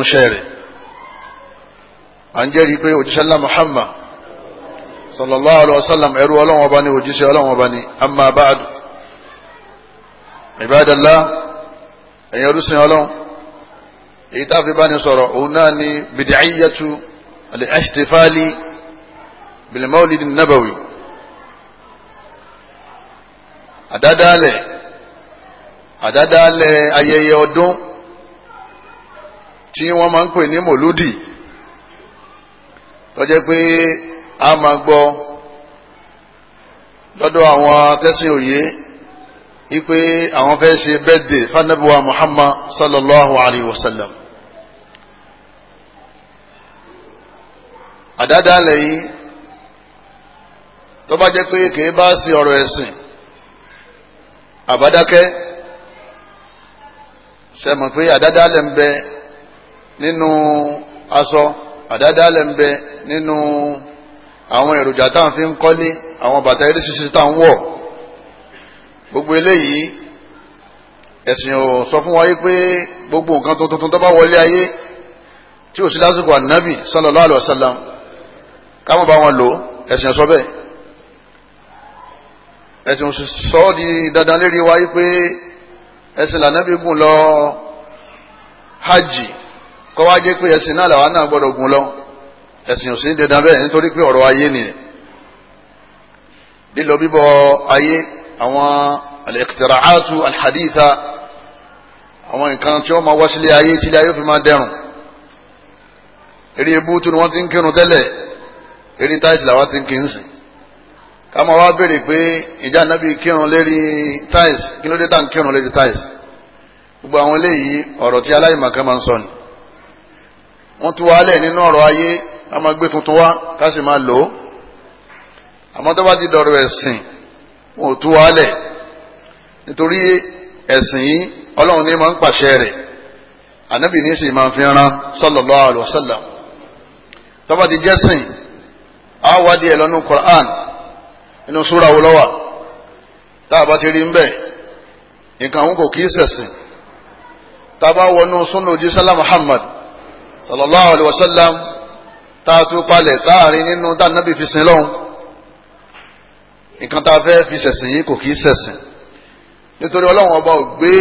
fún ṣẹ́ẹ̀rẹ̀ à ń jẹ́rìí pé òjíṣẹ́ ńlá Muhammad sallallahu alaihi wasallam ẹrú ọlọ́wọ́n ọba ní òjíṣẹ́ ọlọ́wọ́n ọba ní amma ba'du ibadallah ẹ̀yin orúsìn ọlọ́run èyí tá a fi bá ní sọ̀rọ̀ òun náà ni bìdìcíyàtú al-ihtifali bil nabawi àdádálẹ̀ àdádálẹ̀ ayẹyẹ ọdún tí wọ́n máa ń pè ní mòlúdì tó jẹ́ pé a máa gbọ́ lọ́dọ̀ àwọn tẹ́sìn òye ipe àwọn fẹ́ ṣe bẹ́ẹ̀dẹ̀ fanabuwa Muhammad sallallahu alayhi wa sallam àdáadáa lẹ́yìn tó bá jẹ́ pé kìí bá sí ọ̀rọ̀ ẹ̀sìn àbádákẹ́ ṣe pé àdáadáa lẹ́ nínú aṣọ àdádálẹ̀ ń bẹ nínú àwọn èròjà tá à ń fi ń kọ́lé àwọn bàtà eré ṣíṣe tá à ń wọ̀ gbogbo eléyìí ẹ̀sìn ò sọ fún wa yí pé gbogbo nǹkan tuntun tó bá wọlé ayé tí ò sí lásìkò ànábì sallallahu alaihi wasallam káwọn bá wọn lò ẹ̀sìn ò sọ bẹ́ẹ̀ ẹ̀sìn ò sọ ọ́ di dandan lérí wa yí pé ẹ̀sìn lànábì gùn lọ hajj kọ́ wá jẹ́ pé ẹ̀sìn náà làwọn náà gbọ́dọ̀ gun lọ ẹ̀sìn òsì ń dandan bẹ́ẹ̀ nítorí pé ọ̀rọ̀ ayé nìyẹn lílọ bíbọ̀ ayé àwọn al-iqtira'atu al-haditha àwọn nǹkan tí wọ́n máa wá sílé ayé tílé ayé fi máa dẹrùn eré ebú tó ni wọ́n ti ń kírun tẹ́lẹ̀ eré táìsì làwọn ti ń kí ń sìn ká máa wá béèrè pé ìjà nábì kírun lérí táìsì kí ló dé tá à ń kírun lérí táìsì gbogbo àwọn eléyìí ọ̀rọ̀ tí aláìmọ̀kan máa ń sọ ni wọ́n tú wa lẹ̀ nínú ọ̀rọ̀ ayé ká máa gbé tuntun wá ká sì máa lò ó àmọ́ tó bá ti dọ̀rọ̀ ẹ̀sìn wọn ò tú wa lẹ̀ nítorí ẹ̀sìn yìí ọlọ́run ní máa ń pàṣẹ rẹ̀ ànábì ní sì máa fi ran sallallahu alaihi wasallam tó bá ti jẹ́sìn á wá díẹ̀ lọ́nu Qur'an inú súra wo lọ́wà tá a bá ti rí ń nǹkan àwọn kò kí í ṣẹ̀sìn tá a bá wọnú súnà òjísàlá Muhammad sallallahu alayhi wa sallam tá a tún palẹ̀ táàrin nínú dánábì fi sin lọ́hùn nǹkan tá a fẹ́ fi ṣẹ̀sìn yìí kò kì í ṣẹ̀sìn nítorí ọlọ́run ọba ò gbé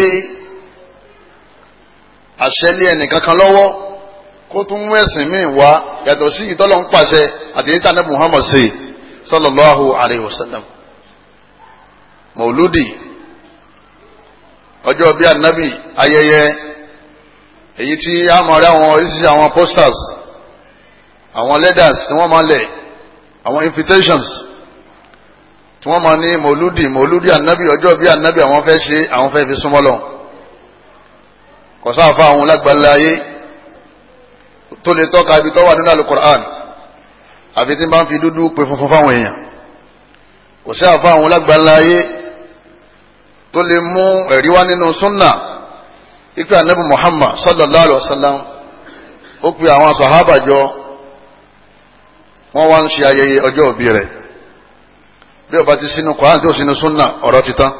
àṣẹ lé ẹnìkan kan lọ́wọ́ kó tún mú ẹ̀sìn míì wá yàtọ̀ sí ìtọ́lọ́ ń pàṣẹ àti níta ní Muhammad ṣe sallallahu alayhi wa sallam mọ̀lúdì ọjọ́ bíi ànábì ayẹyẹ èyí tí a mọ̀ rí àwọn oríṣiríṣi àwọn posters àwọn letters tí wọ́n máa lẹ̀ àwọn invitations tí wọ́n máa ní mòlúdì mòlúdì ànábì ọjọ́ bí ànábì àwọn fẹ́ ṣe àwọn fẹ́ fi súnmọ́ lọ kọ̀sáàfà àwọn lágbàlá ayé tó lè tọ́ka ibi tó wà nínú alukur'an àfi tí n bá ń fi dúdú pè funfun fáwọn èèyàn kọ̀sáàfà àwọn lágbàlá tó lè mú ẹ̀rí wá nínú sunnah. ikú anabi muhammad sallallahu alayhi wa sallam ó pe àwọn sàhábà jọ wọ́n wá ń ṣe ayẹyẹ ọjọ òbí rẹ̀ bí ó ti sínú Kùránì tí ó sínú súnà ọ̀rọ̀ ti tán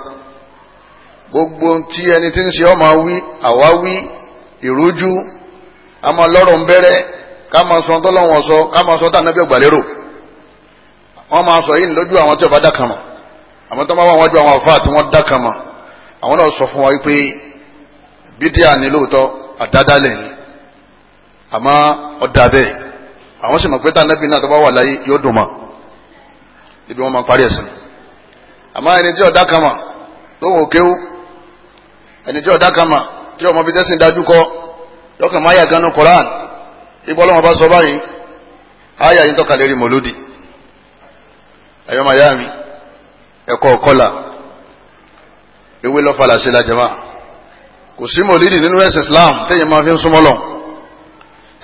gbogbo tí ẹni tí ń ṣe ọmọ wí àwáwí ìrújú a máa lọ́rọ̀ ń bẹ̀rẹ̀ ká máa sọ tọ́lọ́wọ́n sọ ká máa sọ tànàbí ọgbàlérò wọ́n máa sọ yìí lójú àwọn tí ó bá dákàmọ̀ àmọ́ tó máa wà wọ́n ju àwọn àfáà tí wọ́n dákàmọ̀ àwọn náà sọ fún wa wípé bídíà ni lóòótọ́ àdádálẹ̀ ni àmọ́ ọ̀dà bẹ́ẹ̀ àwọn sì mọ̀ pé tànàbí náà tó bá wà láyé yóò dùn mọ́ ibi wọn máa parí ẹ̀sìn àmọ́ ẹni tí ọ̀dà kan mà lóhùn òkéwú ẹni tí ọ̀dà kan mà tí ọmọ bíi tẹ́sìn dájú kọ lọ́kàn máa yà gan ní koran ibo ọlọ́wọ́n bá sọ báyìí àyà yìí tọ́ka lérí mọ́lódì ẹ̀yọ́ màyá mi ẹ̀kọ́ ọ̀kọ́là ewé lọ́fà làṣẹ làjẹmáà kò sí mọ̀lídì nínú ẹ̀sìn islam tẹ́yìn máa fi ń súnmọ́ lọ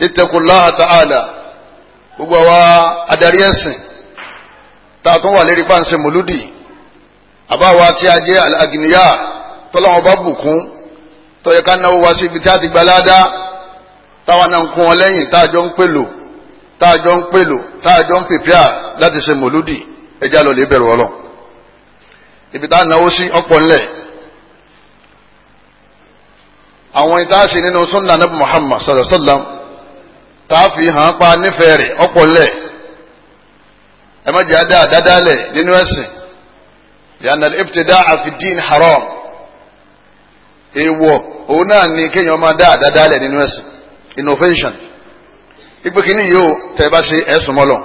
ittaqullaha ta'ala gbogbo àwa adarí ẹ̀sìn tá a tún wà lérí bá ń ṣe mọ̀lúdì àbáwa tí a jẹ́ àgìníyà tọ́láwọn bá bùkún tọ́yẹ ká náwó wá sí ibi tí a ti gbalada táwa náà ń kún wọn lẹ́yìn tá a jọ ń pèlò tá a jọ ń pèlò tá a jọ ń pèpìà láti ṣe mọ̀lúdì ẹjá lọ lè bẹ̀rù ọlọ́ ibi tá a náwó sí ọ̀pọ̀ ńlẹ̀ àwọn ìtaṣe nínú sunna anabi muhammad sallallahu alaihi wa sallam tààfi hàn pa nífẹ̀ẹ́ rẹ̀ ọ̀pọ̀lẹ̀ ẹ má jẹ́ àdá àdádálẹ̀ nínú ẹ̀sìn yànnà ìbùtẹ̀dá àfidín haram èèwọ̀ òun náà ni kéèyàn máa dá àdádálẹ̀ nínú ẹ̀sìn innovation ìpè kìíní yìí ó tẹ̀ bá ṣe ẹ̀sùn mọ́lọ̀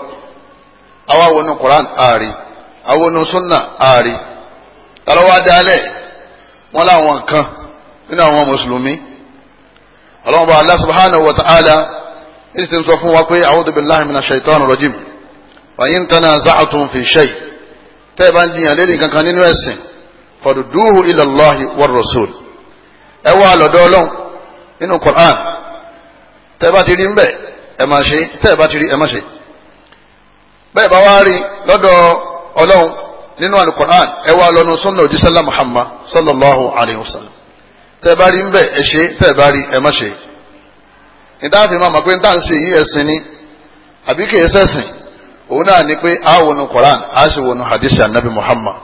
àwa wọnú Quran ààrí àwọn onú sunna ààrí tàlọ́wọ́ àdálẹ̀ wọn láwọn kan nínú àwọn mùsùlùmí ọlọ́run bá Allah subhanahu wa ta'ala ní ti sọ fún wa pé a'udhu billahi minash shaitanir rajim wa in tanaza'tum fi shay' tẹ́ ẹ bá ń jiyàn lérí kankan nínú ẹ̀sìn faduduhu ila Allahi war rasul ẹ wá lọ́dọ̀ ọlọ́run nínú Qur'an tẹ́ ẹ bá ti rí ń bẹ̀ ẹ máa ṣe tẹ́ ẹ bá ti rí ẹ máa ṣe bẹ́ẹ̀ bá wá rí lọ́dọ̀ ọlọ́run nínú alukur'an ẹ wá lọ́nu sunna òjísàlá muhammad sallallahu alayhi wa sallam tẹ́ bá rí ń bẹ̀ ẹ ṣe tẹ́ bá rí ẹ má ṣe ìdáàfin máa mọ̀ pé níta ń ṣe yí ẹ̀sìn ni àbí kì í ṣẹ̀sìn òun náà ni pé a wọnú Quran a sì wọnú hadith anabi Muhammad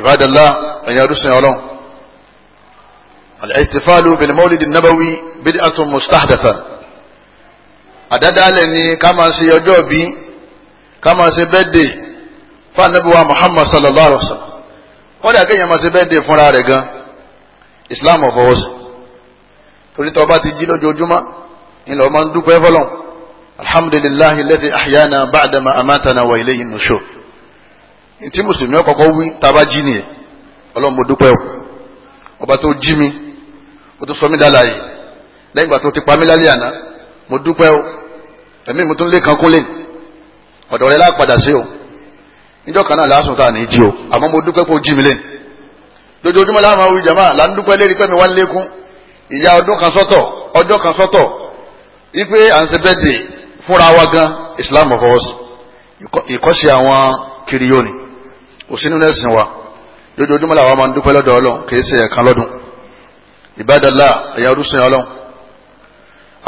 ibadallah ẹ̀yin arúsìn ọlọ́run al-ihtifalu bil mawlid an-nabawi bid'atun mustahdatha àdádálẹ̀ ni ká máa ṣe ọjọ́ bí ká ṣe birthday fún anabi wa Muhammad sallallahu alaihi wa sallam kọ́dà kéèyàn máa ṣe birthday fúnra rẹ̀ gan-an islam ọ̀fọwọ́sọ torí tọ́ bá ti jí lójoojúmọ́ ńlọ ọmọ ń dúpẹ́ fọlọ́n alhamdulillahi alladhi ahyana ba'dama amatana wa ilayhi nushur ntí mùsùlùmí ọkọ̀ọ̀kọ̀ wí tába jí nìyẹn ọlọ́run mo dúpẹ́ o ọba tó jí mi o tó sọ mí dáadáa yìí lẹ́yìn ìgbà tó ti pa mí lálẹ́ àná mo dúpẹ́ o ẹ̀mí mi tún lé kan kún lé ọ̀dọ̀ rẹ láàpadà sí o níjọ́ kan náà lásùn tá à ní jí o àmọ́ mo dúpẹ́ pé o jí mi lẹ́yìn lójoojúmọ́ láwọn àwọn ìjàmbá là ń dúpẹ́ lérí pẹ́mi wá lékún ìyá ọdún kan sọ́tọ̀ ọjọ́ kan sọ́tọ̀ ipe à ń ṣe bẹ́ẹ̀dì fúnra wa gan Islam of us ìkọ́sí àwọn kiriyóni òsínú lẹ́sìn wa lójoojúmọ́ làwọn máa ń dúpẹ́ lọ́dọ̀ ọlọ́run kì í ṣe ẹ̀kan lọ́dún ìbádàlá ẹ̀yà ọdúnṣin ọlọ́run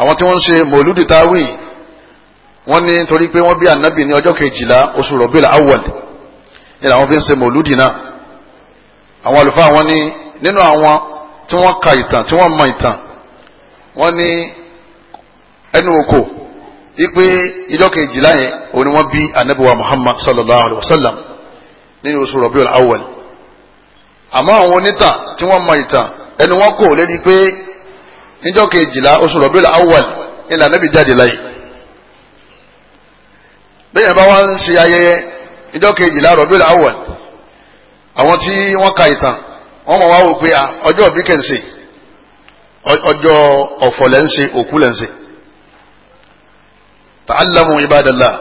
àwọn tí wọ́n ń ṣe mòlúdì táwì wọ́n ní torí pé wọ́n bí ànábì ní ọjọ́ kejìlá oṣù rọ̀bìlà awwal ni làwọn fi ń ṣe mòlúdì náà àwọn àlùfáà wọn ní nínú àwọn tí wọ́n ka ìtàn tí wọ́n mọ ìtàn wọ́n ní ẹnu oko ipe ìjọ kejìlá yẹn òun ni wọ́n bí anabiwa muhammad sallallahu alayhi wa sallam nínú oṣù rọ̀bí awwal àmọ́ àwọn onítàn tí wọ́n mọ ìtàn ẹnu wọn kò lé ní pé níjọ́ kejìlá oṣù rọ̀bí awwal ilà anabi jáde láyé bẹ́ẹ̀ bá wá ń ṣe ayẹyẹ níjọ́ kejìlá rọ̀bí awwal àwọn tí wọ́n ka ìtàn wọ́n mọ̀ wá wò pé ọjọ́ òbí kẹ̀ ń ṣe ọjọ́ òkú lẹ́ ń ṣe ta'allamu ibadallah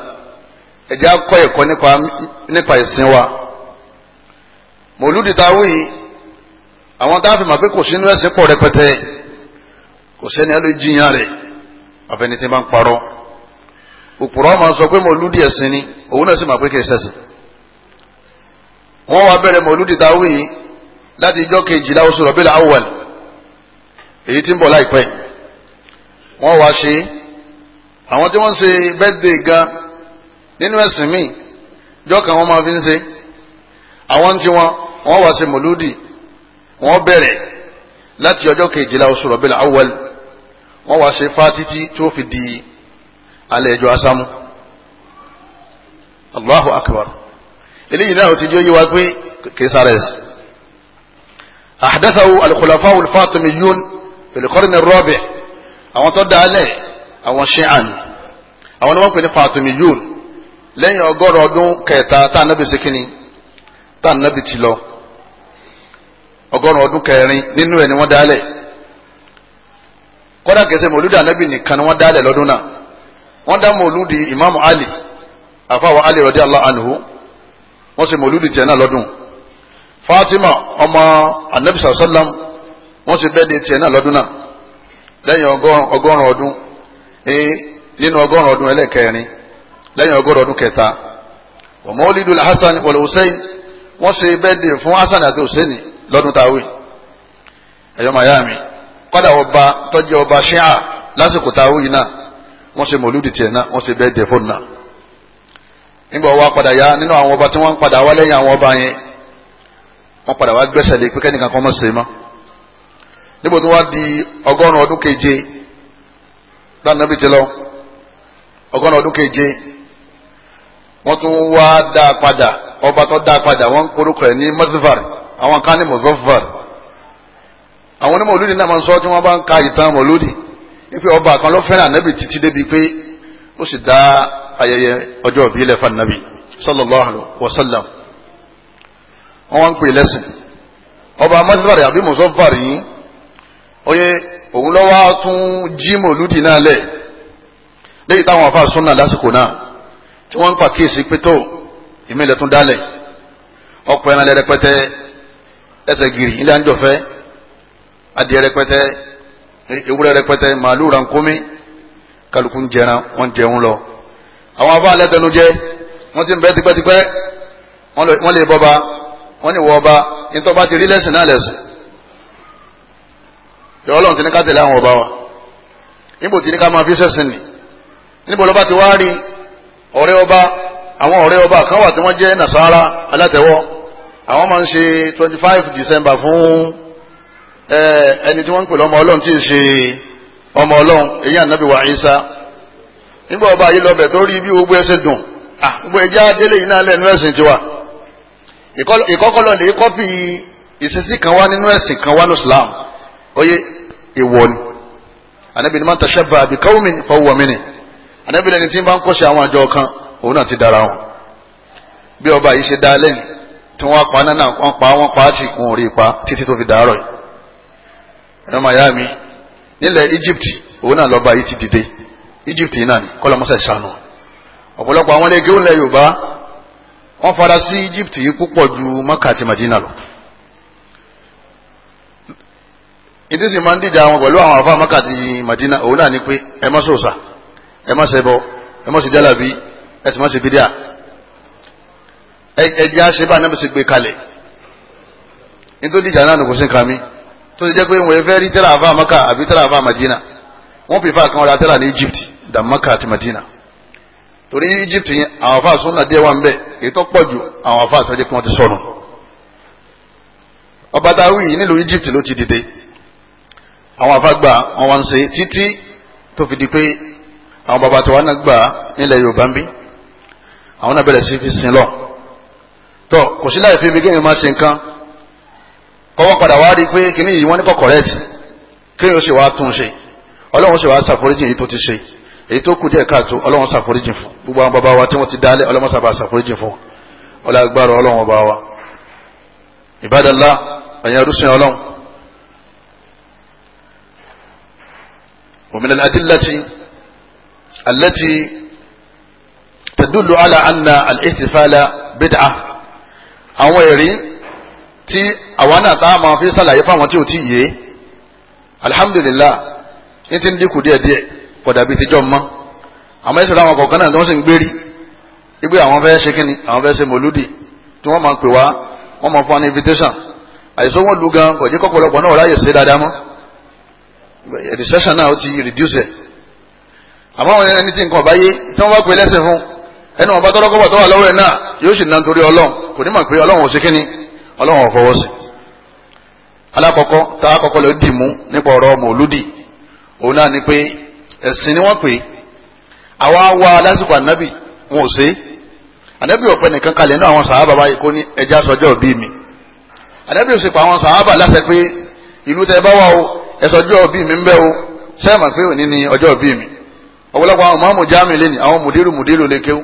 ẹ̀jẹ̀ akọ́ nípa nípa ìsìn wa mòlúdi táwí àwọn táàfin mọ̀ pé kò sínú ẹ̀sìn pọ̀ rẹpẹtẹ kò sẹ́ni ẹ lè jiyàn rẹ̀ àfẹnití bá ń parọ́ òpùrọ́ máa sọ pé mòlúdi ẹ̀sìn ni òun náà sì mọ̀ pé kì í ṣẹ̀sìn wọ́n wá bẹ̀rẹ̀ mọ̀lúdì dáwì yìí láti ijọ́ kejìlá oṣù rọ̀bílà awwal èyí tí ń bọ̀ láìpẹ́ wọ́n wá ṣe àwọn tí wọ́n ń ṣe bẹ́ẹ̀dẹ̀ gan nínú ẹ̀sìn míì ijọ́ kan wọ́n máa fi ń ṣe àwọn tí wọ́n wọ́n wá ṣe mọ̀lúdì wọ́n bẹ̀rẹ̀ láti ọjọ́ kejìlá oṣù rọ̀bílà awwal wọ́n wá ṣe fátítí tí ó fi di alẹ́ ẹjọ́ asámú Allahu akbar eléyìí náà ti jó yé wa pé kẹsàrẹ́s ahdathahu al-khulafa al-fatimiyun fil qarn ar-rabi' àwọn tó dálẹ̀ àwọn ṣíàn àwọn ni wọ́n pè ní fatimiyun lẹ́yìn ọgọ́rùn ọdún kẹta tá ànábì ṣe kínní tá ànábì ti lọ ọgọ́rùn ọdún kẹrin nínú ẹ̀ ni wọ́n dálẹ̀ kọ́dà kẹsẹ̀ mọ̀lúdì ànábì nìkan ni wọ́n dálẹ̀ lọ́dún náà wọ́n dá mọ̀lúdì ìmáàmù ali àfàwọ̀ ali radiyallahu anhu wọ́n ṣe mọ̀lúdì tiẹ̀ náà lọ́dún Fatima ọmọ anabi sàlám wọ́n ṣe bẹ́ẹ̀ de tiẹ̀ náà lọ́dún náà lẹ́yìn ọgọ́rùn ọdún ee nínú ọgọ́rùn ọdún ẹlẹ́kẹrin lẹ́yìn ọgọ́rùn ọdún kẹta wa mawlidul Hasan wal Hussein wọ́n ṣe bẹ́ẹ̀ de fún Hasan àti Hussein lọ́dún táwé ẹ̀yọ́ mayami kọ́dà ọba tọ́jú ọba ṣíà lásìkò táwé yìí náà wọ́n ṣe mọ̀lúdì tiẹ̀ náà wọ́n ṣe bẹ́ẹ̀ de fóònù náà nígbà wá padà yá nínú àwọn ọba tí wọ́n ń padà wá lẹ́yìn àwọn ọba yẹn wọ́n padà wá gbẹ́sẹ̀ lé pé kẹ́nìkan kan mọ̀ sí mọ́ níbo tó wá di ọgọ́rùn-ún ọdún keje dáná bí ti lọ ọgọ́rùn-ún ọdún keje wọ́n tún wá dá a padà ọba tó dá a padà wọ́n ń korúkọ ẹ̀ ní mọ́sífàr àwọn kan ní mọ́sífàr àwọn onímọ̀ olódì náà máa ń sọ tí wọ́n bá ń ka ìtàn mọ̀ olódì wípé ọba kan ló fẹ́ràn ayẹyẹ ọjọ́ òbí ilẹ̀ fanabi sallallahu alayhi wa sallam wọ́n wá ń pè lẹ́sìn ọba mọ́sífàrì àbí mọ́sọ́fàrì yìí oyè òun lọ́wọ́ tún jí mòlúdì náà lẹ̀ lẹ́yìn táwọn afa sunna lásìkò náà tí wọ́n ń pa kéèsì pétó ìmílẹ̀ tún dálẹ̀ ọ̀pọ̀ ẹran lẹ́rẹpẹtẹ ẹsẹ̀ gírì ilé àńjọ̀fẹ́ adìẹ rẹpẹtẹ ewúrẹ́ rẹpẹtẹ màálù rankomi kálukú ń jẹran wọ́n jẹun lọ àwọn afá alẹ́tẹnujẹ́ wọ́n ti ń bẹ́ tipẹ́tipẹ́ wọ́n lè bọ́ba wọ́n lè wọ ọba nítorí ọba ti rí lẹ́sìn náà lẹ́sìn ìwọ ọlọ́run ti ní ká tẹ̀lé àwọn ọba wa níbo ti ní ká máa fi sẹ́sìn nì níbo lọ́ba ti wá rí ọ̀rẹ́ ọba àwọn ọ̀rẹ́ ọba kan wà tí wọ́n jẹ́ nasara alátẹ̀wọ́ àwọn máa ń ṣe twenty five december fún eh, ẹni tí wọ́n ń pè lọ́mọ ọlọ́run tí ì ṣe ọmọ ọlọ́run èyí ànábì wa Isa nígbà ọba yìí lọ bẹ̀ tó rí bí gbogbo ẹsẹ̀ dùn ah, gbogbo ẹjẹ́ adélé yìí náà tiwa ìkọ́kọ́lọ́ lè kọ́pì ìṣesí kan wá nínú ẹ̀sìn kan wá Islam oyè ni Ànábì ni man tashabbaha bi qawmin fahuwa minhum Ànábì lẹni tí ń bá ń kan òun náà ti dára wọn bí ọba yìí ṣe dá lẹ́yìn tí wọ́n pa náà wọ́n pa wọ́n pa ipa títí tó fi dàárọ̀ yìí ẹ̀rọ mi nílẹ̀ Egypt òun náà lọ́ba yìí Egypt yìí náà ni kọ́lá mọ́sá ìṣàánú ọ̀pọ̀lọpọ̀ àwọn ilé kéwòn lẹ Yorùbá wọ́n fara sí Egypt yìí púpọ̀ ju Maka àti Madina lọ ìdí sì máa ń dìjà wọn pẹ̀lú àwọn àfa Maka àti Madina òun náà ni pé ẹ má sòòsà ẹ má ṣẹbọ ẹ má sì jálàbí ẹ sì má sì bídíà ẹjẹ àṣebá náà sì gbé kalẹ̀ nítorí ìjà náà nìkú sí nǹkan mi tó ti jẹ́ pé wọ́n fẹ́ rí tẹ́lá àfa Maka àbí tẹ́lá àfa Madina wọ́n pèfà kan ọ̀rẹ́ àtẹ́lá ní Egypt da maka àti madina torí egypt yẹn àwọn afa sunna díẹ̀ wà ń bẹ èyí tó pọ̀ jù àwọn afa àtọ́jú kí wọ́n ti sọnù ọba dawi yìí egypt ló ti dìde àwọn afa gbà wọn wá ń ṣe títí tó fi di pé àwọn baba tó wà náà gbà nílẹ̀ yorùbá ń bí àwọn náà bẹ̀rẹ̀ sí fi sin lọ tó kò sí láì fi bí kéèyàn máa ṣe nǹkan kọ́wọ́ padà wá rí i pé kíní yìí wọ́n ní kọ́ kéèyàn ó sì wá tún un ṣe ọlọ́run ó sì wá ṣàforíjì yìí tó ti ṣe èyí tó kù díẹ̀ káàtó ọlọ́run ṣàforíjì fún gbogbo àwọn bàbá wa tí wọ́n ti dálẹ̀ ọlọ́run ṣàbà ṣàforíjì fún ọlọ́gbàrọ̀ ọlọ́run ọba wa ìbádàlá ẹ̀yìn arúsìn ọlọ́run ومن الأدلة التي تدل على أن الاحتفال بدعة àwọn ẹ̀rí tí àwọn náà tá a máa fi ṣàlàyé fáwọn tí ò tí yé alhamdulillah ní ti ń dínkù díẹ̀díẹ̀ kódà bíi tíjọ́ mọ́ àmọ́ ìṣòro àwọn kọ̀ọ̀kan náà tó ń sì ń gbérí wípé àwọn fẹ́ ṣe kínni àwọn fẹ́ ṣe mòlúdì tí wọ́n máa ń pè wá wọ́n máa fún wa ní invitation àìsàn wọn lu gan kò jẹ́ kọ́pọ̀lọpọ̀ náà ráyè ṣe dáadáa mọ́ recession náà ó ti reduce ẹ̀ àmọ́ àwọn ẹni tí nǹkan báyé tí wọ́n bá pè lẹ́sìn fún ẹni wọn bá tọ́rọ́ kọ́pọ̀ tó wà lọ́wọ́ ẹ̀ náà yóò sì náà torí ọlọ́run kò ní mà pé ọlọ́run ò ṣe kínni ọlọ́run ò fọwọ́ sí alákọ̀ọ́kọ́ tá a kọ́kọ́ lọ dì mú nípa ọ̀rọ̀ mọ̀lúdì òun náà ni pé ẹ̀sìn ni wọ́n pè é àwa wá lásìkò ànábì wọn ò ṣe é ànábì ọ̀pẹ nìkan kalẹ̀ náà àwọn sàhábà báyìí kó ní ẹja sọjọ́ bí mi ànábì ò sì pa àwọn sàhábà láṣẹ pé ìlú tẹ bá wà o ẹsọjọ́ bí mi ń bẹ o sẹ́ẹ̀mà pé òní ni ọjọ́ bí mi ọ̀pọ̀lọpọ̀ àwọn mọ́mù jáàmì lẹ́nu àwọn mùdírù mùdírù lè kéwù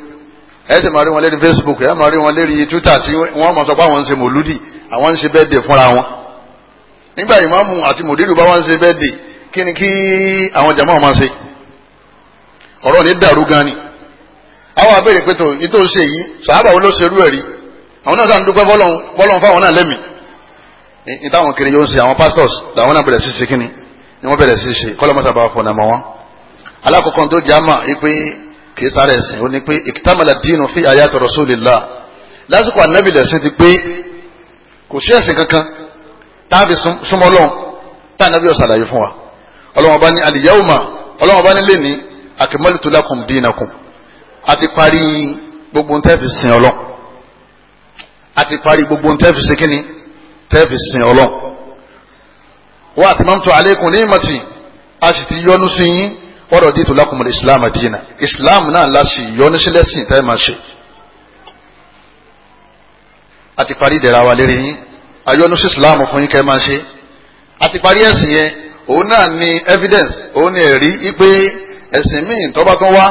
ẹ sì máa rí wọn lérí Facebook ẹ máa rí wọn lérí Twitter tí wọ́n máa sọ pé àwọn ń ṣe mòlúdì àwọn ń ṣe bẹ́ẹ̀dẹ̀ fúnra wọn nígbà ìmáàmù àti mùdírù bá wọn ń ṣe bẹ́ẹ̀dẹ̀ kí ni kí àwọn jama máa ṣe ọ̀rọ̀ ní dàrú gan ni àwọn abéèrè pé tó ní tó ń ṣe yìí sàábà wo ló ṣerú ẹ̀rí àwọn náà sàn dúpẹ́ bọ́lọ́n fáwọn náà lẹ́mìí ní táwọn kiri yóò ṣe àwọn pastors làwọn náà bẹ̀rẹ̀ sí ṣe kíni ni wọ́n bẹ̀rẹ̀ sí ṣe kọ́lọ́mọ́sá bá fọ̀nà mọ́ wọn. alákọ̀ọ́kọ́ tó jẹ́ àmà wípé kì í sáré ẹ̀sìn ó ní pé ìkítàmàlà dínú fi àyàtọ̀ rasulillah lásìkò ànábì lẹ̀sìn ti pé kò sí ẹ̀sìn kankan táàbì súnmọ́ lọ́hùn táà ọlọ́wọ́n bá ní al-yawma ọlọ́wọ́n bá ní lẹ́ni akmaltu lakum dinakum àti parí gbogbo ntẹ́ẹ̀fì sìn ọlọ́ àti parí gbogbo ntẹ́ẹ̀fì ṣe kínní tẹ́ẹ̀fì sìn ọlọ́ wa atmamtu alaykum ni'mati a sì ti yọ́nú sí yín ọ̀rọ̀ dìtò lakumul islam dina islam náà la sì yọ́nú sí lẹ́sìn tẹ́ẹ̀ máa ṣe àti parí ìdẹ̀ra wa lérí yín ayọ́nú sí islam fún yín kẹ́ẹ́ máa ṣe àti parí ẹ̀sìn yẹn òun náà ni evidence òun ni ẹ̀rí ipe ẹ̀sìn míì tó bá tún wá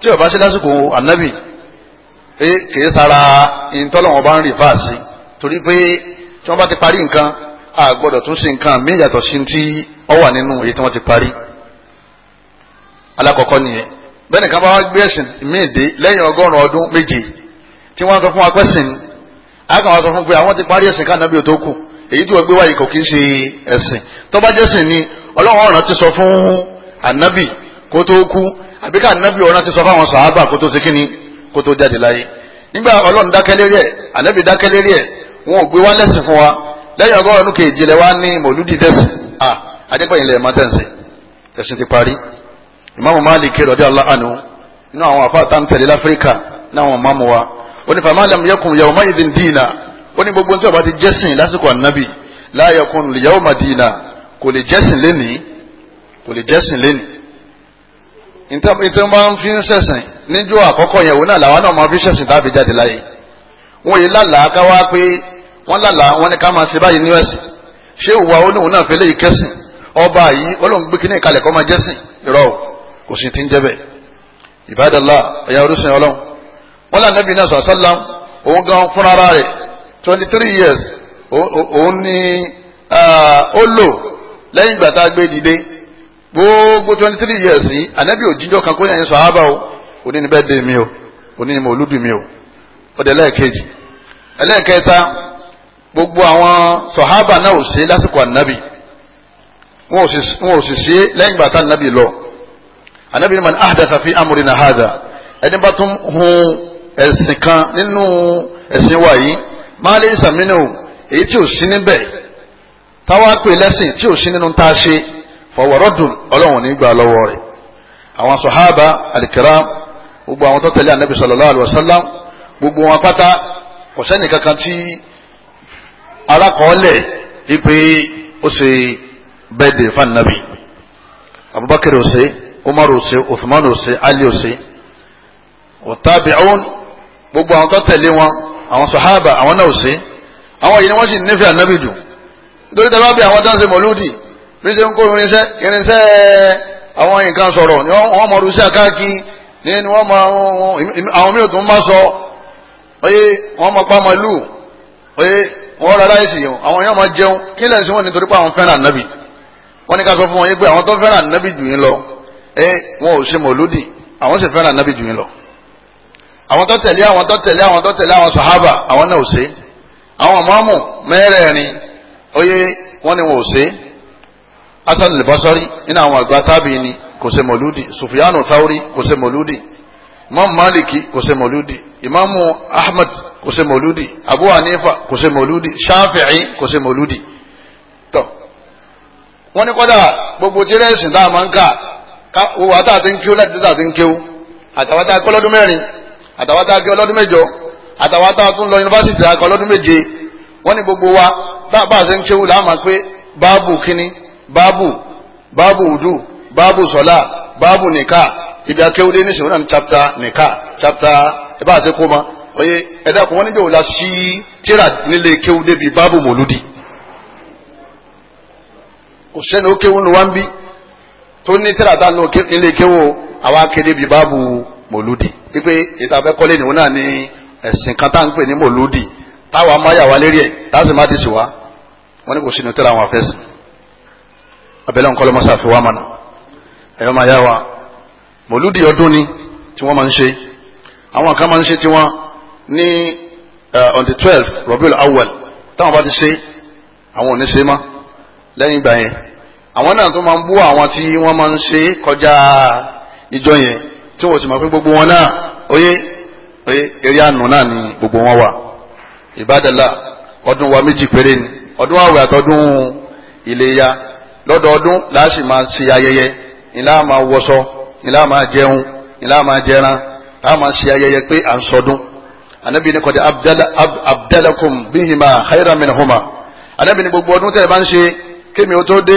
tí ó bá ṣe lásìkò ànábì pé kìí sara ìtọ́lọ́wọ́n bá ń rìn fáàsì torí pé tí wọ́n bá ti parí nǹkan a gbọ́dọ̀ tún ṣe nǹkan míì yàtọ̀ sí ti ó wà nínú èyí tí wọ́n ti parí alákọ̀ọ́kọ́ nìyẹn bẹ́ẹ̀ nìkan bá wá gbé ẹ̀sìn míì dé lẹ́yìn ọgọ́rùn-ún ọdún méje tí wọ́n sọ fún wa pẹ́sìn ni a sọ fún pé àwọn ti parí ẹ̀sìn ká nàbí ò tó kù èyí tí wọ́n gbé wáyé kò kí ń ṣe ẹ̀sìn tó jẹ́sìn ni ọlọ́run ọ̀ràn ti sọ fún ànábì kó tó kú àbí ká ànábì ọ̀ràn ti sọ fáwọn sàhábà kó tó ṣe kíni kó tó jáde láyé nígbà ọlọ́run dákẹ́ lérí ẹ̀ ànábì dákẹ́ lérí ẹ̀ wọn ò gbé wá lẹ́sìn fún wa lẹ́yìn ọgọ́rùn ún kejì lẹ wá ní mòlúdì tẹ̀sìn à adépẹ̀yìn lẹ̀ máa tẹ̀sìn ẹ̀sìn ti parí ìmáàmù Malik rọ̀dí Allah inú àwọn àpá àtàntẹ̀lẹ́ láfíríkà náà wọn máàmù wa onífàmálẹ̀ yẹkùn yawma idhin dina ó ní gbogbo ní tí ọba ti jẹ́sìn lásìkò ànábì láàyè kun lìyàwó màdìyìnà kò lè jẹ́sìn lẹ́nìí kò lè jẹ́sìn lẹ́nìí. ìtàn máa ń fi ń sẹ̀sìn níjọ́ àkọ́kọ́ yẹn òun náà làwọn náà máa fi sẹ̀sìn tàbí jáde láyé. wọ́n yìí lálàá ká wá pé wọ́n lálàá wọ́n ní ká máa ṣe báyìí ní ẹ̀sìn ṣé ìwà oníhùn náà fẹ́lẹ́ yìí kẹ́sìn ọba yìí olóhùn gbé kíní ìkalẹ̀ kọ́ máa jẹ́sìn irọ́ kò sì ti ń jẹ́ bẹ́ẹ̀. ẹ̀yà orísun ọlọ́run wọ́n lànà náà sọ̀ twenty three years òun ni ah, ó lò lẹ́yìn ìgbà tá a gbé dìde gbogbo twenty three years yìí ànábì òjíjọ́ kan kó yẹn sọ ábà o òní ni bẹ́ẹ̀ dé mi o òní ni mo lùdù mi o ó dé lẹ́ẹ̀kejì ẹlẹ́ẹ̀kẹta gbogbo àwọn sọ̀hábà náà ò ṣe lásìkò ànábì wọn ò sì ṣe lẹ́yìn ìgbà tá ànábì lọ ànábì ni man ahdatha fi amrina hadha ẹni bá tún hun ẹ̀sìn kan nínú ẹ̀sìn wa yìí máa lè sàmínú èyí tí ò sí níbẹ̀ táwa pè lẹ́sìn tí ò sí nínú tá a ṣe fọwọ́rọ́dùn ọlọ́run nígbà lọ́wọ́ rẹ̀ àwọn sọ̀hábà al-kiram gbogbo àwọn tó tẹ̀lé ànábì sallallahu alaihi wasallam gbogbo wọn pátá kò sẹ́ni kankan tí alákọ̀ọ́lẹ̀ ipe ó ṣe bẹ́ẹ̀dẹ̀ fanabi abubakar ó umar ó uthman ó ali ó ṣe wa tabi'un gbogbo àwọn tó tẹ̀lé wọn àwọn sahaba àwọn náà ò sí àwọn yìí ni wọ́n sì nífẹ̀ẹ́ ànábì jù nítorí tẹ́ bá bí àwọn dáńsẹ̀ mọ̀lúdì bí ṣe ń kó irinṣẹ́ irinṣẹ́ àwọn nǹkan sọ̀rọ̀ ni wọ́n mọ̀ rúṣẹ́ káàkì ni wọ́n mọ àwọn míràn tó ń bá sọ oye wọ́n mọ pa màlúù oye wọ́n rárá èsì yẹn àwọn yẹn máa jẹun kí lẹ́yìn sí wọn nítorí pé àwọn fẹ́ràn ànábì wọ́n ní ká sọ fún wọn yé pé àwọn tó fẹ́ràn ànábì jù yín lọ ẹ wọn ò ṣe mọ̀lúdì àwọn sì fẹ́ràn ànábì jù yín lọ àwọn tó tẹ̀lé àwọn tó tẹ̀lé àwọn tó tẹ̀lé àwọn sàhábà àwọn náà ò ṣe àwọn mọ́mù mẹ́rẹ̀ẹ̀rin oyè wọ́n ní wọn ò ṣe Hasan al-Basri nínú àwọn àgbà tábì ni kò ṣe mọ̀lúdì Sufyanu Thawri kò ṣe mọ̀lúdì Imam Maliki kò ṣe mọ̀lúdì Imam Ahmad kò ṣe mọ̀lúdì Abu Hanifa kò ṣe mọ̀lúdì Shafi'i kò ṣe mọ̀lúdì tọ́ wọ́n ní kọ́dà gbogbo jẹ́rẹ́sìn tá a máa ń kà wọ́n wà ń kíw láti tá ń kíw àtàwọn àtàwọn tá a kẹ́ ọlọ́dún mẹ́jọ àtàwọn tá a tún lọ yunifásitì àkọ́ ọlọ́dún méje wọ́n ní gbogbo wa tá a bá a ṣe ń kéwù láàmà pé báàbù kínní báàbù báàbù ùdù báàbù sọlá báàbù nìka ibi akéwùdé níṣẹ́ wọn ní chapter nìka chapter ẹ a ṣe kó ma oye ẹ dákun wọn níjọ́ la sí tíra nílé kéwùdé bíi báàbù mòlúdi kò sẹ́ni ó kéwù ní wá ń bí tó ní tíra tá nílé kéwù àwọn akéde bíi báàbù mòlúdì wípé ètò abẹ́kọ́lé nìwọ̀n náà ní ẹ̀sìn kan tá à ń pè ní mòlúdì táwa máyà wá lérí ẹ̀ láti má ti sì wá wọn ní kò sínú tẹ́lẹ̀ àwọn afẹ́sìn abẹ́lẹ́ nǹkan lọ́mọ sáà fi wá mọ̀nà ẹ̀yọ́ máa yá wa mòlúdì ọdún ni tí wọ́n máa ń ṣe àwọn kan máa ń ṣe tiwọn ní eh, on the twelve Rabiul Awwal táwọn bá ti ṣe àwọn ò ní ṣe mọ́ lẹ́yìn ìgbà yẹn àwọn náà tó máa ń bú àwọn tí wọ́n máa ń ṣe kọjá ìjọ yẹn tí wọ́n sì mọ̀ pé gbogbo wọn náà oyé oyé eré àánú náà ni gbogbo wọn wà ìbádàlá ọdún wa méjì péré ni ọdún àwẹ̀ àtọdún iléyá lọ́dọọdún láàṣì máa ṣe ayẹyẹ ìlà máa wọṣọ ìlà máa jẹun ìlà máa jẹran láà máa ṣe ayẹyẹ pé à ń sọdún anabi ni kọ́ni abdalakum bihima khayran anabi ni gbogbo ọdún tẹ́ ẹ bá ń ṣe kémi ó tó dé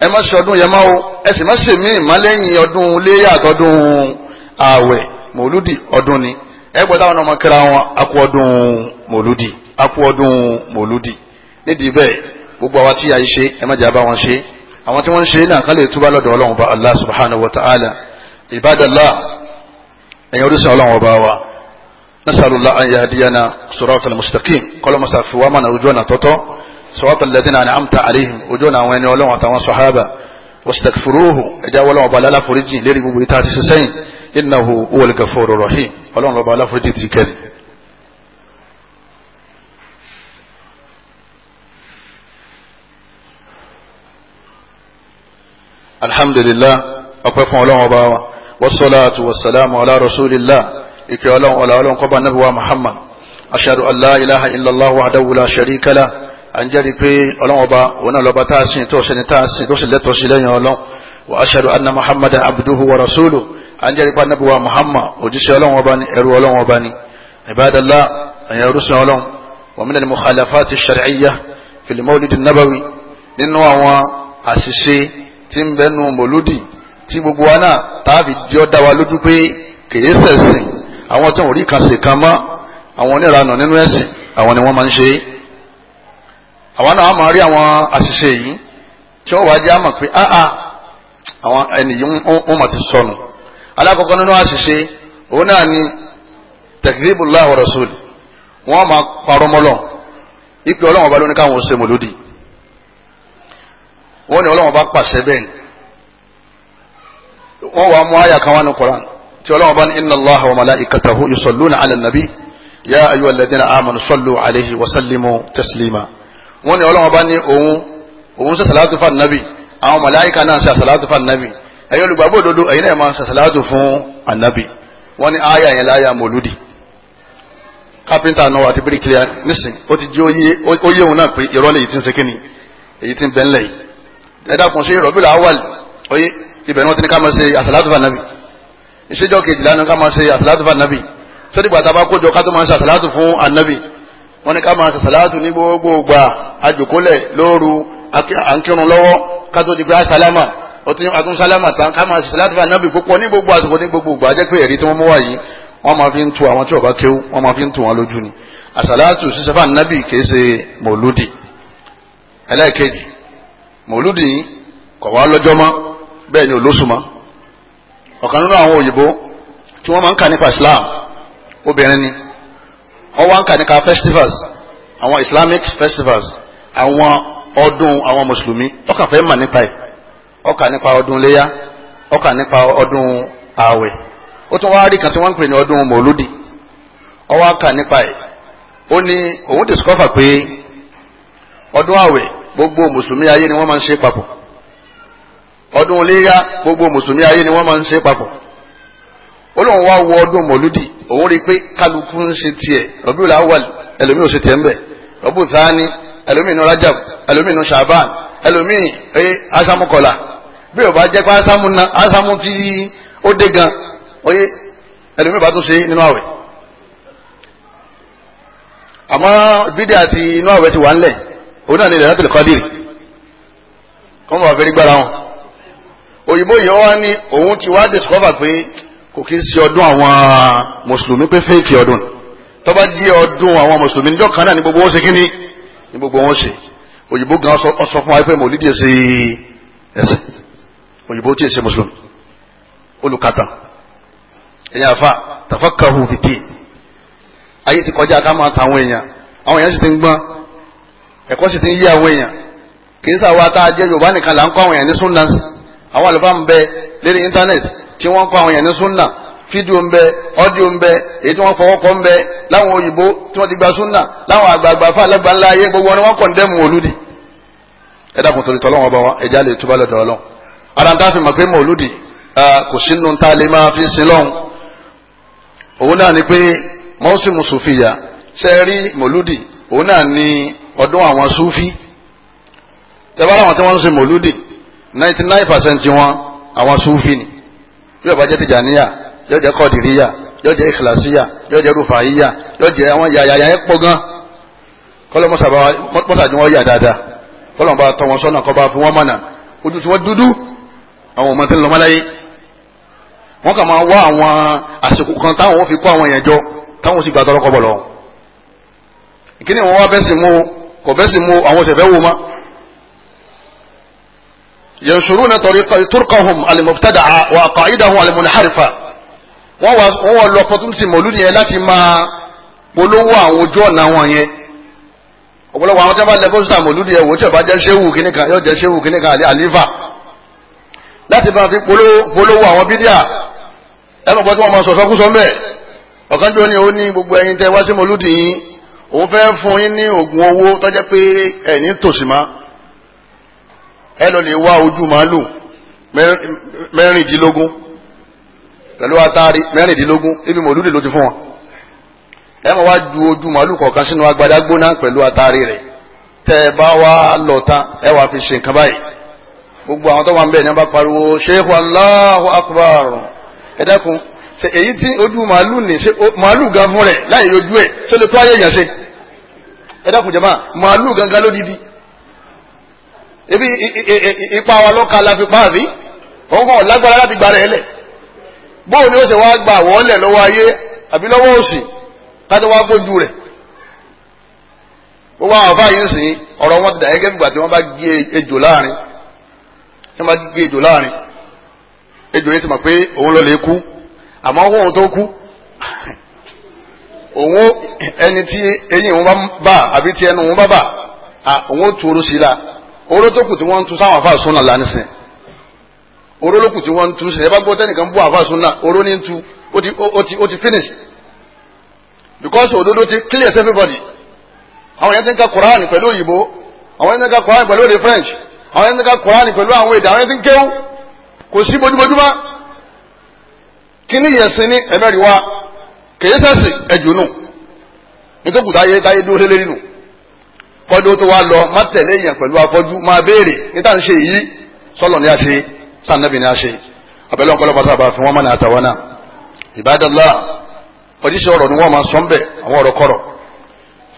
ẹ má ṣe ọdún yẹn má o ẹ sì má ṣe mí ìmọ̀lẹ́yìn ọdún léyà àtọdún ààwẹ̀ mòlúdì ọdún ni ẹ gbọ́dọ̀ àwọn ọmọ kíra wọn akú ọdún mòlúdì akú ọdún mòlúdì nídìí bẹ́ẹ̀ gbogbo àwa tí a ṣe ẹ má jẹ́ àbá wọn ṣe àwọn tí wọ́n ń ṣe náà kán lè túbá lọ́dọ̀ bá allah subhanahu wa ta'ala ibadallah ẹ̀yin orísun ọlọ́run ọba wa nasalula an yahdiyana suratul mustaqim kọlọmọ sàfiwá mọ̀nà ojú ọ̀nà tọ́tọ́ suratul ladina an'amta alaihim ojú ọ̀nà àwọn ẹni ọlọ́run àtàwọn sahaba wasitakfuruhu ẹja wọlọ́wọ́ balala foríjì lérí gbogbo ìta àti sísẹ́yìn innahu huwal ghafurur rahim ọlọ́run lọ́ba aláforíjì ti kẹ́ni. alhamdulillah ọpẹ́ fún ọlọ́run ọba wa wasalaatu wasalaamu ala rasulillah ike ọlọ́run ọlá ọlọ́run kọ́ba nabi wa muhammad ashadu an la ilaha illallah wahdahu la sharika lah à ń jẹ́rìí pé ọlọ́run ọba òun náà lọ́ba tá tó ṣe ni tó sì lẹ́tọ̀ọ́ sí lẹ́yìn ọlọ́run wa ashadu anna muhammadan abduhu wa rasuluhu à ń jẹ́rìí pa Ànábì wa Muhammad òjíṣẹ́ Ọlọ́run ọba ni ẹrú Ọlọ́run ọba ni ibadallah ẹ̀yà orúsùn Ọlọ́run wa min al-mukhalafati ash-shar'iyyah fil mawlid nabawi nínú àwọn àṣìṣe tí ń bẹnu mòlúdì tí gbogbo wa náà tàbí jọ dá wa lójú pé kèé sẹ̀sìn àwọn tó ń rí kan kan mọ́ àwọn oníranà nínú ẹ̀sìn àwọn ni wọ́n máa ń ṣe é àwọn náà máa rí àwọn àṣìṣe yìí tí wọ́n wáá jẹ́ àmọ̀ pé áà àwọn ẹni yìí wọ́n mà ti sọnù alákọ̀ọ́kọ́ nínú àṣìṣe òun náà ni takdhibullah wa rasul wọ́n máa parọ́ mọ́lọ̀ ipe ọlọ́run ọba ló ní káwọn ṣe mòlódì wọ́n ní ọlọ́run ọba pàṣẹ bẹ́ẹ̀ ni wọ́n wàá mú àyà kan wá ní koran tí ọlọ́run ọba ní inna allaha wa malaikatahu yusalluna ala nabi ya ayyuhal ladhina amanu sallu alayhi wa sallimu taslima wọ́n ní ọlọ́run ọba òun òun ṣe salatu fa nabi àwọn malaika náà ṣe salatu fa nabi ẹ̀yin olùgbàgbọ́ òdodo ẹ̀yin náà máa ń sàṣàlátù fún ànábì wọ́n ní aya yẹn láyà mọ̀lúdì kápẹ́ńtà náà àti bíríkìlíà nísìn ó ti jẹ́ ó yé òun náà pé irọ́ lèyí ti ń sekínì èyí ti ń bẹ́ ńlẹ̀ yìí ẹ̀dá kan ṣe rọ̀bì làwàlì oyè ibẹ̀ ni wọ́n ti ní ká máa ṣe àṣàlátù fún ànábì ìṣèjọ́ kejìlá ni ká máa ṣe àṣàlátù fún ànábì sọ́dí gbàtà bá kójọ ká tó máa ṣe àṣàlátù fún ànábì wọ́n ní ká máa ṣe àṣàlátù ní gbogbo gbà àjòkólẹ̀ lóru à lọ́wọ́ ká tó di pé àṣàlámà àtún sálámà tán ká máa sàlátù fún ànábì púpọ̀ ní gbogbo àsìkò ní gbogbo ìgbà jẹ́ pé ẹ̀rí tí wọ́n mú wá yìí wọ́n máa fi ń tu àwọn tí ọba kéwú wọ́n máa fi ń tu wọn lójú ni àsàlátù ṣíṣe fún ànábì kìí ṣe mòlúdì ẹlẹ́ẹ̀kejì mòlúdì kò wá lọ́jọ́ mọ́ bẹ́ẹ̀ ni olóṣù mọ́ ọ̀kan nínú àwọn òyìnbó tí wọ́n máa ń kà nípa Islam obìnrin ni wọ́n wá ń kà nípa festivals àwọn Islamic festivals àwọn ọdún àwọn mùsùlùmí ọkàn fẹ́ mà nípa ẹ̀ ó kà nípa ọdún léyà ó kà nípa ọdún ààwẹ̀ ó tún wá rí kan tí wọ́n ń pè ní ọdún mòlúdì ó wá kà nípa ẹ̀ ó ní òun discover pé ọdún ààwẹ̀ gbogbo mùsùlùmí ayé ni wọ́n máa ń ṣe papọ̀ ọdún léyà gbogbo mùsùlùmí ayé ni wọ́n máa ń ṣe papọ̀ ó lóun wá wọ ọdún mòlúdì òun rí i pé kálukú ń ṣe tiẹ̀ Rabiul Awwal ẹlòmíì ò ṣe tiẹ̀ ń bẹ̀ Rabiul Thani ẹlòmíì inú Rajab ẹlòmíì inú Sha'ban ẹlòmíì ẹ eh, aṣámukọ̀lá bí ọba jẹ́ pé ásámù na asamu tí ó dé gan oyé ẹlòmíì bá tún ṣe nínú àwẹ̀ àmọ́ bídí àti inú àwẹ̀ ti wà ńlẹ̀ òun náà ni ìrẹ̀lẹ́ tòlùkọ́ dìrì kọ́mọ bàbá fẹ́rí gbára wọn òyìnbó yìí wá ní òun ti wá discover pé kò kí ń ṣe ọdún àwọn mùsùlùmí pé fẹ́ẹ̀kì ọdún tó bá jẹ́ ọdún àwọn mùsùlùmí níjọ́ kan náà ní gbogbo wọn ṣe kíní ní gbogbo wọn ṣe òyìnbó gan sọ fún wa pé mòlídìí ṣe ẹsẹ̀ oyibo tí ì ṣe mùsùlùmí olùkàtàn ẹ̀yin àfa tàfàkàhù bìtì ayé ti kọjá ká máa ta àwọn èèyàn àwọn èèyàn sì ti ń gbọ́n ẹ̀kọ́ sì ti àwọn èèyàn kì í ata ajẹ́ yorùbá nìkan là ń kọ́ àwọn èèyàn ní súnà àwọn àlùfáà ń bẹ lórí íńtánẹ́ẹ̀tì tí wọ́n ń kọ́ àwọn èèyàn ní súnà fídíò ń bẹ ọ́díò ń bẹ èyí tí wọ́n fọwọ́ kọ́ ń bẹ láwọn òyìnbó tí wọ́n ti gba súnà láwọn àgbààgbà ayé gbogbo wọn ni wọ́n ara tá a fi mọ̀ pé mọ̀lúdì kò sínú tá a lè máa fi sin lọ́hùn òun náà ni pé mọ́sùmù sùfìyà ṣe rí mọ̀lúdì òun náà ni ọdún àwọn súfì tẹ́bára àwọn tí wọ́n ń sin mọ̀lúdì ninety nine percent wọn àwọn súfì ni yóò bá jẹ́ tìjàníyà yóò jẹ́ kọ́dìríyà yóò jẹ́ ìkìlàsíyà yóò jẹ́ rúfàáyíyà yóò jẹ́ àwọn yàyàyà ẹ̀ pọ̀ gan kọ́lọ́ mọ́sàdún yà dáadáa kọ́lọ́ bá tọ́ wọn sọ́nà kọ́ bá fún wọn mọ̀nà ojú tí dúdú àwọn ọmọ tí ń lọ mọ́láyé wọ́n kà máa wá àwọn àsìkò kan táwọn fi kó àwọn èèyàn jọ táwọn sì gba tọrọ kọ́bọ̀ lọ. ìkíni wọn wá bẹ́sì mú kò bẹ́sì mú àwọn ṣẹ̀fẹ́ wò má. yansuruna turkahum al-mubtada'a wa aqa'idahum al-munharifa wọ́n wá lọ opportunity mọ̀lúdì yẹn láti máa polówó àwọn ojú ọ̀nà wọn yẹn ọ̀pọ̀lọpọ̀ àwọn tí wọ́n bá lẹ pósítà yẹn wò ó tẹ̀ bá jẹ́ ṣéwù kíníkan yóò jẹ́ ṣéwù kíníkan àlífà láti bá fi polówó àwọn bídíà ẹ mọ̀ pé kí wọ́n máa sọ̀sọ́ kú sọ mẹ́ ọ̀kan tó ní ó ní gbogbo ẹ̀yin tẹ wá sí mọ́lúdì yín òun fẹ́ fún yín ní oògùn owó tọ́jẹ́ pé ẹ̀ ní má ẹ lọ lè wá ojú màálù mẹ́rìndínlógún pẹ̀lú atari mẹ́rìndínlógún ibi mọ́lúdì ló ti fún wọn ẹ mọ̀ wá ju ojú màálù kọ̀ọ̀kan sínú agbada gbóná pẹ̀lú atari rẹ̀ tẹ́ ẹ bá wá lọ tán ẹ wàá fi ṣe nǹkan báyìí gbogbo àwọn tó wà ń bẹ̀ ní wọ́n bá pariwo sheikh Allahu akbar ẹ dákun èyí tí ojú màálù ní màálù gan fún rẹ̀ láì yọjú ẹ̀ tó lè tó ayé èèyàn ṣe ẹ dákun jàmá màálù gangan ló dídí ebi ipa wa lọ́ka la fi pa àbí òun kàn lágbára láti gba rẹ̀ lẹ̀ bóun ni ó ṣe wá gba àwọ̀ọ́lẹ̀ lọ́wọ́ ayé àbí lọ́wọ́ òsì láti wá gbójú rẹ̀ gbogbo àwọn àfáà sìn ọ̀rọ̀ wọn dà gẹ́gẹ́ bí tí wọ́n bá gé ejò láàrin tí wọ́n bá gé ejò láàrin ejò yẹn ti mọ̀ pé òun lọ lè kú àmọ́ òun tó kú òun ẹni tí eyín òun bá bà àbí tí ẹnu òun bá bà òun ó tu oró sí i la oró tó kù tí wọ́n ń tu sáwọn àfa sunna lánìsín oró ló kù tí wọ́n ń tu sí ẹ bá gbọ́ tẹ́nìkan bú àfa sunna oró ní tu ó ti ó ti ó ti finish because òdodo ti clear everybody àwọn yẹn ti ń ka Quran pẹ̀lú òyìnbó àwọn yẹn ti ń ka Quran pẹ̀lú èdè French àwọn ẹni ká kùránì pẹ̀lú àwọn èdè àwọn ẹni tí ń kéwú kò sí bójúbójúmọ́ kíní yẹ̀sìn ní ẹ̀mẹ́rin wa kèé sẹ́sìn ẹ̀jù nù nítòkù táyé táyé dúró lélẹ́rì nù kọ́dún tó wá lọ má tẹ̀lé èèyàn pẹ̀lú afọ́jú máa béèrè níta ń ṣe yìí sọ́lọ̀ ní a ṣe ní a abẹ́lẹ́ ọ̀pọ̀lọpọ̀ tó àbáfin wọn mọ́nà àtàwọn náà Ibadallah oríṣi ọ̀rọ̀ ni wọ́n máa sọ ń bẹ̀ àwọn ọ̀rọ̀ kọ̀rọ̀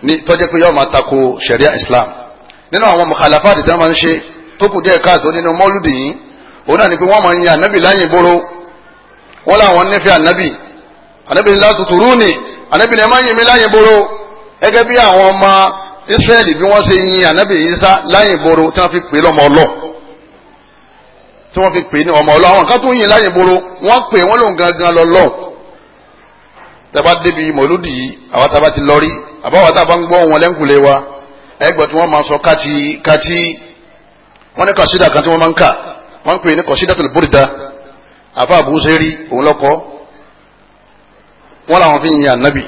ní tọ́jẹ́ pé yọ́ọ́ máa tako sharia Islam nínú àwọn mukhalafat tí wọ́n máa ń ṣe tó kù díẹ̀ káàtó nínú mọ́lúdì yìí òun náà ni pé wọ́n máa ń yan ànábì láyìn ìboro wọ́n làwọn nífẹ̀ẹ́ ànábì ànábì ńlá tuturu ni ànábì ni ẹ máa ń yin mi láyìn ìboro gẹ́gẹ́ bí àwọn ọmọ Ísírẹ́lì bí wọ́n ṣe yin ànábì Ìsá láyìn ìboro tí wọ́n fi pè lọ́mọ ọlọ́ tí wọ́n fi pè ní ọmọ ọlọ́ àwọn kan tún yin láyìn ìboro wọ́n pè wọ́n lòun gangan lọ́lọ́ tẹ́bá bá ti wọ́n ní kọ̀sídà kan tí wọ́n máa ń kà wọ́n ń pè ní kọ̀sídà tó lè bóri da àfa àbúṣe rí òun lọ́kọ́ wọ́n làwọn fi yin ànábì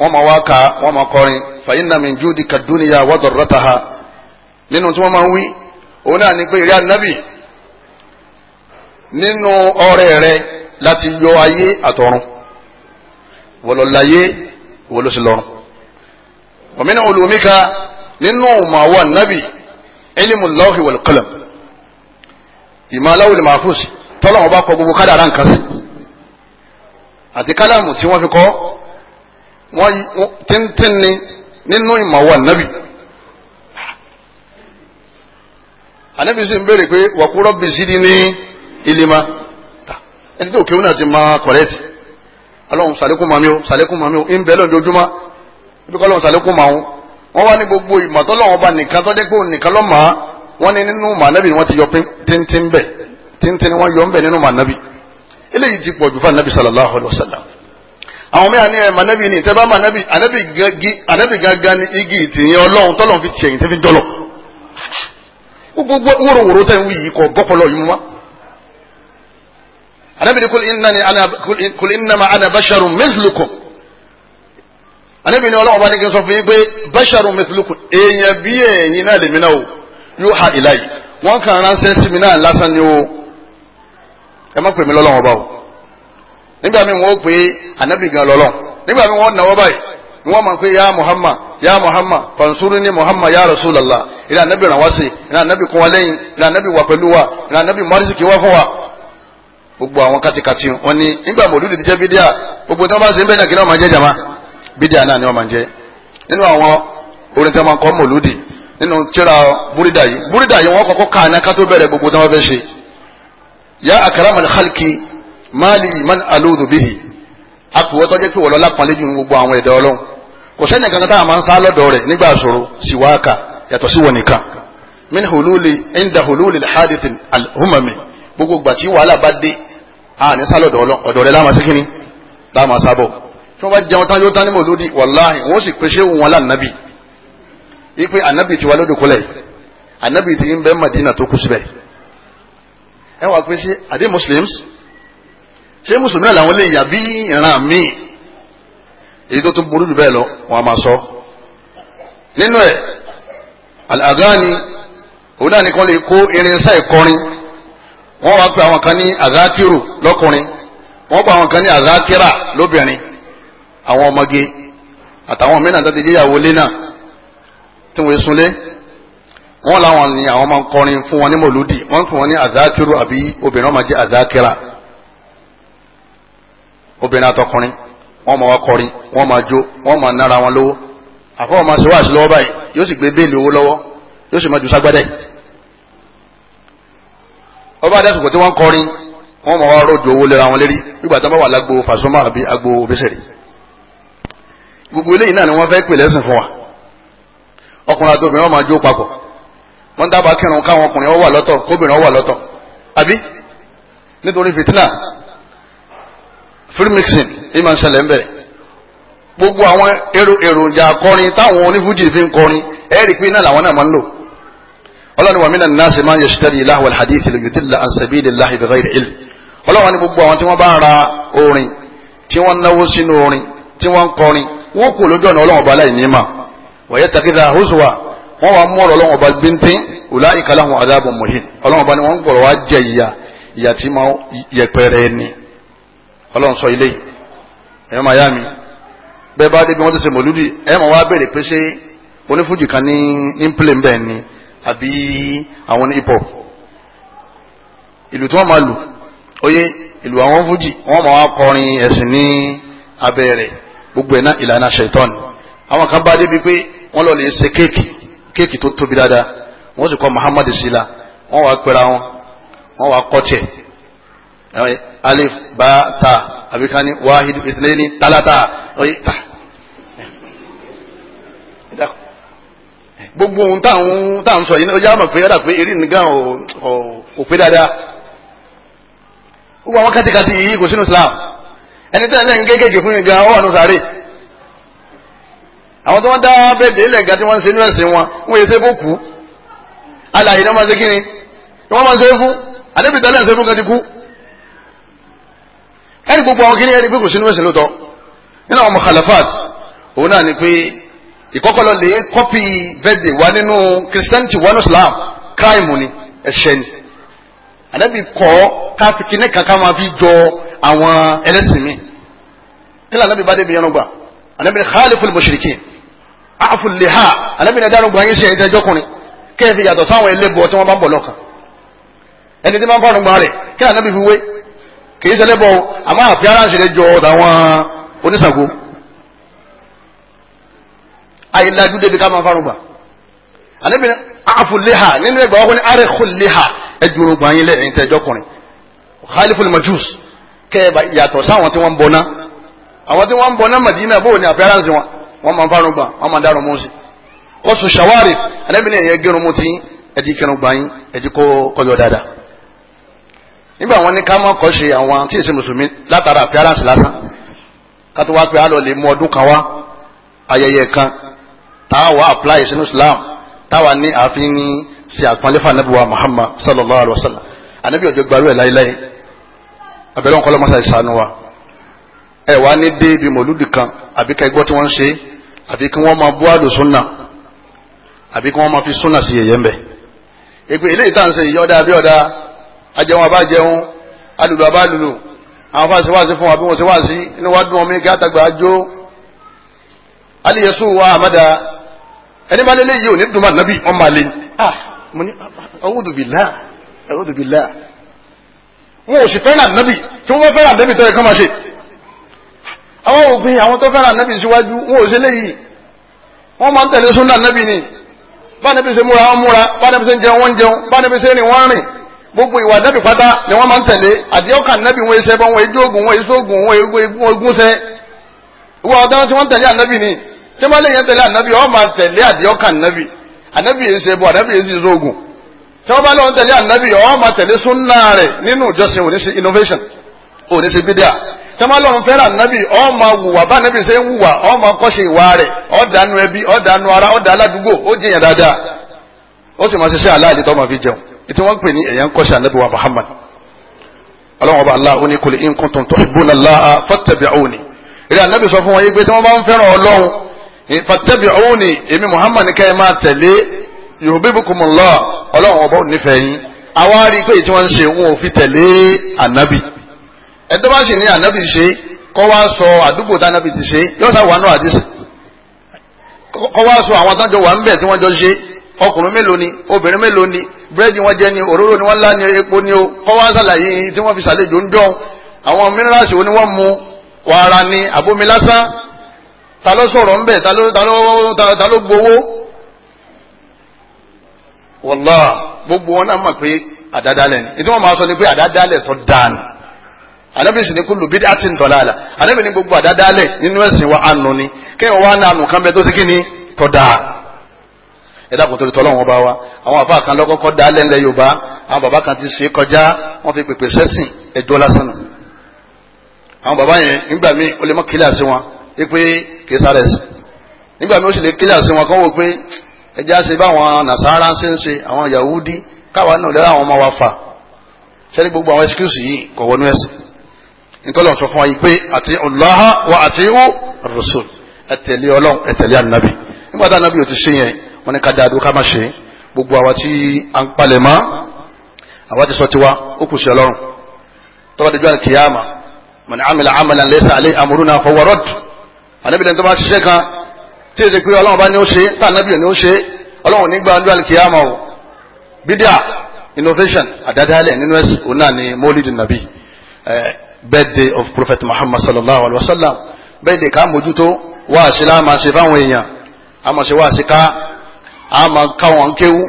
wọ́n máa wá ka wọ́n máa kọrin fàyín nàmi júdi kàdúnìyà wàdọ̀rọ̀ta ha nínú tí wọ́n máa ń wí òun náà ní pé ìrí ànábì nínú ọrẹ rẹ láti yọ ayé àtọ̀run wọlọláyé wọlọsílọrun òmìnira olùmíka nínú màwọn ànábì ilmu lọ́ọ̀hì wal qalam ìmọ̀ aláwòlè mahfuz tọ́lọ̀ ọba kọ gbogbo kádàrá nǹkan sí àti kálámù tí wọ́n fi kọ́ wọ́n tíntín ni nínú ìmọ̀wọ́ ànábì ànábì sì ń béèrè pé wàkúrọ́ bí sí ní ìlímà ẹni tí òkè òun náà ti máa kọ̀rẹ́tì ọlọ́run sàlékún màmí o sàlékún màmí o ń ibi kọ́ ọlọ́run sàlékún wọ́n wá ní gbogbo ìmọ̀ tọ́lọ́run ọba nìkan tọ́jẹ́ pé òun nìkan lọ́mọ wọ́n ní nínú mànábì wọ́n ti yọ tíntín bẹ̀ tíntín wọ́n yọ ń bẹ̀ nínú mànábì eléyìí ti pọ̀jù fún ànábì sallallahu alayhi wa sallam àwọn mẹ́ta ní ẹ̀ mànábì ní ìtẹ́bá mànábì ànábì gangan ní igi ìtìyẹn ọlọ́run tọ́lọ́run fi tiẹ̀yìn tẹ́ fi gbogbo wóróworó tẹ́ ń wí yìí kọ́ bọ́pọ̀lọ́ yìí mú wá ànábì ní kul innama ana basharun mithlukum anabi ni ọlọ́wọ́ bá ní kí n sọ fún yín pé basharun mithlukum èèyàn bí ẹ̀yin náà lèmi náà o yóò ha ìlàyé wọ́n kàn ránṣẹ́ sí mi náà lásán ni o ẹ má pè mí lọ́lọ́wọ́ bá o nígbà míì wọ́n pè anabi gan lọ́lọ́ nígbà míì wọ́n náwó báyìí ni wọ́n máa pè ya muhammad ya muhammad fansuru ni muhammad ya rasulallah ìlà anabi ràn wá sí ìlà anabi kún wa lẹ́yìn ìlà anabi wà pẹ̀lú wa ìlà anabi mọ́rísì kì í wá fún wa gbogbo àwọn kátikati wọn ni bídíà náà ni wọ́n máa ń jẹ́ nínú àwọn orin tí wọ́n máa ń kọ́ mòlúdì nínú tíra búrídà yìí búrídà yìí wọ́n kọ́kọ́ ká ànáká tó bẹ̀rẹ̀ gbogbo tí wọ́n fẹ́ ṣe yá akramal khalqi máàlì man alóòdù bihi, akùwọ́tọ́ jẹ́ pé wọ́n lọ́la pọ́n lẹ́jù gbogbo àwọn ẹ̀dá ọlọ́run kò sẹ́ni kankan tá máa ń sá lọ́dọ̀ rẹ̀ nígbà ìṣòro siwaka yàtọ̀ sí wọn nìkan min hululi inda hululi alhadith alhumami gbogbo gbàtí wàhálà bá dé a ní sá lọ́dọ̀ ọlọ́run ọ̀dọ̀ rẹ̀ láwọn sẹ́kìnní láwọn sábọ̀ tí wọ́n bá jẹun tán yóò tán ní mòlódì wàláhì wọ́n sì pèsè wọn lánàbì ipe ànàbì ti wà lódòkúlẹ̀ ànàbì ti ń bẹ́ Madina tó kú síbẹ̀ ẹ wà pé ṣé àdé muslims ṣé mùsùlùmí náà làwọn lè yà bí ìran míì èyí tó tún burú jù bẹ́ẹ̀ lọ wọn a máa sọ nínú ẹ̀ àgáni òun náà nìkan lè kó irinṣẹ́ ìkọrin wọ́n wá pe àwọn kan ní àgákírù lọ́kùnrin wọ́n pa àwọn kan ní àgákírà lóbìnrin àwọn ọmọge àtàwọn mìíràn tó ti jẹ́yàwó lé náà tí wọ́n sunlé wọ́n láwọn ni àwọn máa ń kọrin fún wọn ní mòlúdì wọ́n ń fún wọn ní àzákírù àbí obìnrin máa jẹ́ àzákírà obìnrin àtọkùnrin wọ́n máa wá kọrin wọ́n máa jó wọ́n máa nára wọn lówó àfọwọ́n máa ṣe lọ́wọ́ báyìí yóò sì gbé béèlì owó lọ́wọ́ yóò sì máa ju ságbádẹ́ ọba adásùkò tí wọ́n kọrin wọ́n máa wá rọ̀jò owó lera wọn lérí nígbà tí wọ́n bá wà lágbo fàṣọmọ́ àbí agbo obìsẹ̀rì gbogbo eléyìí náà ni wọ́n fẹ́ pè lẹ́sìn fún wa ọkùnrin àti obìnrin wọn máa jó papọ̀ wọ́n dábàá kírun káwọn ọkùnrin wọn wà lọ́tọ̀ kóbìnrin wọn wà lọ́tọ̀ àbí nítorí fìtínà free mixing ìmọ̀ ìṣẹ̀lẹ̀ ń bẹ̀ gbogbo àwọn èròjà akọrin táwọn onífújì fi ń kọrin ẹ̀rí pé náà làwọn náà máa ń lò ọlọ́run wàmí náà nàásì máa ń yẹ̀sítẹ́rì ìlàhùn alhadith lè yùtí la ànsẹ̀bí ilẹ̀ láhì bẹ̀rẹ̀ ìrẹ̀ ìlú ọlọ́run ni gbogbo àwọn tí wọ́n bá ń ra orin tí wọ́n náwó sínú orin tí wọ́n ń kọrin wọ́n kò lójú ọ̀nà ọlọ́wọ́n ọba láì ní ma wọ́n yẹ takida hosùwà wọ́n wà mú ọ̀rọ̀ ọlọ́wọ́n ọba bíntín ọ̀là ìkàlàhùn adáàbò mọ̀hìn ọlọ́wọ́n ọba ni wọ́n gbọ̀rọ̀ wá jẹ ìyà ìyà tí ma yẹpẹrẹ ẹni ọlọ́run sọ ilé ẹ̀yọ́ máa yá mi bẹ́ẹ̀ bá débi wọ́n ti ṣe mọ̀lúdì ẹ̀ máa wá bèrè pé ṣé onífújì kan ní ìmplẹ̀ ń ni àbí àwọn ní hip ìlú tí wọ́n máa lù ó ìlú àwọn fújì wọ́n máa wá kọrin ẹ̀sìn ní abẹ́rẹ́ gbogbo ẹ̀ náà ìlànà ṣètọ́ni àwọn kan bá débi pé wọ́n lọ lè ṣe kéèkì kéèkì tó tóbi dáadáa wọ́n sì kọ́ Muhammad sila wọ́n wàá pera wọn wọ́n wàá kọ́ tiẹ̀ alif ba ta àbí ká ní wahidu ìtìlẹ́ni tálátà ọyẹ ta gbogbo ohun táwọn táwọn sọ yìí ọjà mọ̀ pé yàrá pé eré nìkan ò pé dáadáa gbogbo àwọn kàtìkàtì yìí kò sínú Islam ẹni tẹ́ ẹlẹ́yìn kéékèèké fún mi gan ó wà nù sáré àwọn tó wọ́n dá bẹ́ẹ̀dẹ̀ ilẹ̀ tí wọ́n ń ṣe inú ẹ̀sìn wọn wọ́n yẹ ṣe fún kú alàyè náà máa ṣe kíni ni wọ́n máa ṣe fún àdébìtì alẹ́ ṣe fún kan ti kú ẹni gbogbo àwọn kíní ẹni pé kò sínú ẹ̀sìn lóòótọ́ nínú àwọn mukhalafat òun náà ni pé ìkọ́kọ́lọ́ lè kọ́pì bẹ́ẹ̀dẹ̀ wá nínú kìrìsìtẹ́nìtì wà ní Islam crime ni ẹ̀ṣẹ̀ ni àdébì kọ́ káfíkì ní kankan máa fi àwọn ẹlẹ́sìn mi nílẹ̀ anábì bá débi yẹnu gbà anábì ní khaliful mushrikin àfùl liha anábì ní ẹ̀dá arúgbó ayé ṣe ẹ̀dá ẹjọ́kùnrin kẹ́ẹ̀fì yàtọ̀ sáwọn ẹlẹ́bọ̀ tí wọ́n bá ń bọ̀ lọ́kàn ẹni tí máa ń fọ́nrún gbà rẹ̀ kí ni anábì fi wé kìí ṣe lẹ́bọ̀ àmọ́ àpẹ́ránṣẹ́ rẹ̀ jọ ọ̀dàwọn oníṣàgó àyílájú débi ká máa fọ́nrún gbà anábì ní àfùl liha nínú ẹgbàá wọn ni àrẹ̀kùn liha ẹjọ́ kẹ́ẹ̀bà yàtọ̀ sáwọn tí wọ́n ń bọná àwọn tí wọ́n ń bọná Madina bóò ní apẹ́ránsì wọn wọ́n máa ń fárun gbà wọ́n máa ń dárun mọ́sí wọ́n sùn ṣàwárì ẹlẹ́bìnrin ẹ̀yẹ gẹrun mú ti ẹ̀dí kẹrun gbà yín ẹ̀dí kọyọ dáadáa nígbà wọn ní ká má kọ́ ṣe àwọn tí èsì mùsùlùmí látara apẹ́ránsì lásán ká wá pé àlọ́ lè mú ọdún kan wá ayẹyẹ kan táwa apply sínú Islam táwa ní àfin ní sí àpọ́nlẹ́fà anábìwá Muhammad sallallahu alayhi wa sallam anábìwá ọjọ́ abẹ́lẹ́ wọn kọ́ lọ́mọ́sá ìsànú wa ẹ wá ní dé ibi mọ̀lúdì kan àbí ká ẹgbọ́ tí wọ́n ń ṣe àbí kí wọ́n máa bú àlù súnà àbí kí wọ́n máa fi súnà sí yẹ̀yẹ́ ńbẹ̀ èpè eléyìí tá à ń ṣe ìyọ́dá àbí ọ̀dá ajẹun àbá jẹun alùlù àbá lùlù àwọn fáṣẹ wáṣẹ fún wa bí wọ́n ṣe wáṣẹ inú wa dùn ọmọ igi àtàgbà àjò aliyesu wa amada ẹni bá lélẹ́yìí ò ní dùn mọ́ ànábì ọmọ àlè ah mo ní ah, ah, a'udhu billah wọn ò sì fẹ́ràn ànábì tí wọ́n fẹ́ràn ànábì tó yẹ kán máa ṣe àwọn òpin àwọn tó fẹ́ràn ànábì síwájú wọn ò ṣe léyìí wọ́n máa ń tẹ̀lé súnà nábì ni bá níbi ṣe múra wọn múra bá níbi ṣe ń jẹun wọn jẹun bá níbi ṣe rìn wọn rìn gbogbo ìwà nábì pátá ni wọ́n máa ń tẹ̀lé àdéhùkà nábì wọn iṣẹ́ bọ́ wọn ejó ogun wọn iṣẹ́ ogun wọn egún ìwà ọ̀daràn tí wọ́n tẹ̀lé ànábì ni tí wọ́n lè yẹn tẹ̀lé ànábì wọ́n máa tẹ̀lé àdéhùkà nábì ànábì yẹn ṣe ànábì yẹn ṣe tí wọ́n bá lọ́wọ́ tẹ̀lé ànábì ọ̀hún máa tẹ̀lé súnà rẹ̀ nínú ìjọsìn òní innovation òní sí bídíà tí wọ́n bá lọ́wọ́ fẹ́ràn ànábì ọ̀hún máa wùwà bá ànábì ṣe ń wùwà ọ̀hún máa kọ́ṣe ìwà rẹ̀ ọ̀dànù ẹbí ọ̀dànù ara ọ̀dà aládùúgbò ó jìyàn dáadáa ó sì máa ṣiṣẹ́ aláàdì tó máa fi jẹun ètò wọn ń pè ní ẹ̀yàn kọ́ṣe ànábì wa Muhammad ọlọ́wọ́n bá aláà ó ní kul in kuntum tuhibbuna Allaha fattabi'uni ìrẹ́ ànábì sọ fún wọn yí pé tí wọ́n Muhammad ní ká ẹ yuhibbukumullah ọlọ́run ọba ò nífẹ̀ẹ́ yín àwa rí i pé tí wọ́n ń ṣe wọn ò fi tẹ̀lé ànábì ẹ̀dọ́ bá sì ní ànábì ṣe kọ́ wá sọ àdúgbò tí ànábì ti ṣe yóò sá wà nù àdìsí kọ́ wá sọ àwọn àtàjọ wà ń bẹ̀ tí wọ́n jọ ṣe ọkùnrin mélòó ni obìnrin mélòó ni búrẹ́dì wọn jẹ ni òróró ni wọ́n lá ni epo ni o kọ́ wá sàlàyé tí wọ́n fi ṣàlejò ń dán àwọn mínírààsì wo ni wọ́n mu wàrà ni àbomi lásán ta ló sọ̀rọ̀ ń bẹ̀ ta ló gbowó wàllá gbogbo wọn náà mọ̀ pé àdádálẹ̀ ni ètò wọn máa sọ ni pé àdádálẹ̀ tó dáa ni anabi sì ni kúlù bídí àti ntọ́láàlà anabi ni gbogbo àdádálẹ̀ nínú ẹ̀sìn wa ànú ni kéèyàn wá ní ànú kan bẹ tó ti kí ni tó dáa ẹ dákun torí tọ́lọ́ wọn bá wa àwọn àfa kan lọ́kọ́kọ́ dá lẹ́lẹ́ yorùbá àwọn bàbá kan ti ṣe kọjá wọ́n fi pèpè sẹ́sìn ẹjọ́ lásán nù àwọn bàbá yẹn nígbà míì ó lè mọ́ wọn pé kì nígbà míì ó sì lè kílíà wọn kán wò pé ẹjẹ́ àṣẹ báwọn nàṣàrà ń ṣe ń ṣe àwọn Yahudi káwa náà lẹ́rọ àwọn ọmọ wa fà ṣẹ́ni gbogbo àwọn excuse yìí kò wọnú ẹ̀sìn nítorí sọ fún wa yìí pé àti Allah wa àti ó Rasul ẹ tẹ̀lé Ọlọ́run ẹ tẹ̀lé ànábì nígbà tá ànábì ò ti ṣe yẹn wọn ni ká dáadó ká má ṣe gbogbo àwa tí à ń palẹ̀ mọ́ àwa ti sọ tiwa ó kù sí Ọlọ́run tọ́wọ́ dẹjọ́ àkìyàmà man amila amalan laysa alayhi amruna fawarad ànábì lẹ́ni tó bá ṣiṣẹ́ kan tí èsì pé ọlọ́run bá ní ó ṣe tá ànábìyàn ní ó ṣe ọlọ́run nígbà ọdún alikiyama o bídíà innovation àdádálẹ̀ nínú ẹ̀sìn òun náà ni mólídìí nàbí birthday of prophet muhammad sallallahu alaihi wa sallam birthday ká mójútó wáàsí láà máa ṣe fáwọn èèyàn a máa ṣe wáàsí ká a máa káwọn kéwú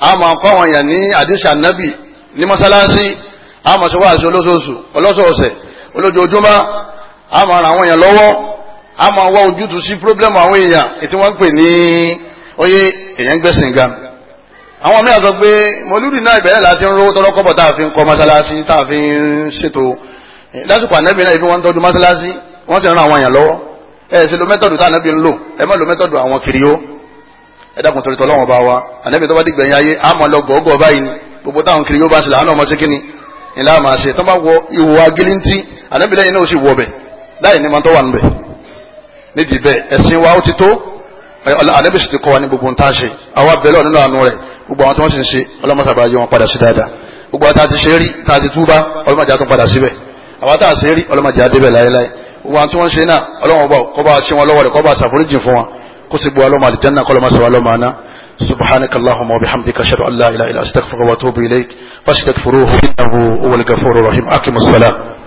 a máa kọ́wọn èèyàn ní àdìsí ànábì ní mọ́sálásí a máa ṣe wáàsí olóṣooṣù ọlọ́sọ̀ọ̀sẹ̀ olójoojúmọ́ a máa àwọn èèyàn lọ́wọ́ a máa wá ojútùú sí pírọ́blẹ́mù àwọn èèyàn ètí wọ́n ń pè ní oyè èèyàn gbẹ̀sìn ga àwọn mìíràn sọ pé mọlúdì náà ìbẹ̀rẹ̀ láti ń rówó tọ́lọ́kọ́bọ̀ tá a fi ń kọ́ mọ́sálásí tá a fi ń ṣètò lásìkò ànẹ́bí náà ìfi wọ́n ń tọ́jú mọ́sálásí wọ́n sì ń ran àwọn èèyàn lọ́wọ́ ẹ ṣe lo mẹ́tọ̀dù tá ànẹ́bí ń lò ẹ má lo mẹ́tọ̀dù àwọn kiri ó ẹ dákun torí tọ́lọ́wọ́n bá wa ànẹ́bí tó bá dìgbẹ̀yìn ayé á mọ̀ lọ gọ́gọ́ báyìí ni gbogbo táwọn kiri ó bá ṣe làánà ọmọ sí kíni ìlà máa ṣe tó bá wọ ìwò agilintí ànẹ́bí lẹ́yìn náà ó sì wọ bẹ̀ láì ní mọ́tọ́ wà níbẹ̀ nídìí bẹ́ẹ̀ ẹ̀sìn wa ó ti tó alẹ́bí sì ti kọ́ wa ní gbogbo nǹkan ṣe àwa bẹ̀rẹ̀ ọ̀ nínú àánú rẹ̀ gbogbo àwọn tí wọ́n sì ń ṣe ọlọ́mọsàbà yí wọn padà sí dáadáa gbogbo àwọn tá a ti ṣe rí tá a ti túbá ọlọ́mọdé àtún padà síbẹ̀ àwa tá a ṣe rí ọlọ́mọdé àdébẹ̀ láéláé gbogbo àwọn tí wọ́n سبحانك اللهم وبحمدك اشهد ان لا اله الا استغفرك واتوب اليك فاستغفروه انه هو الغفور الرحيم اقم الصلاه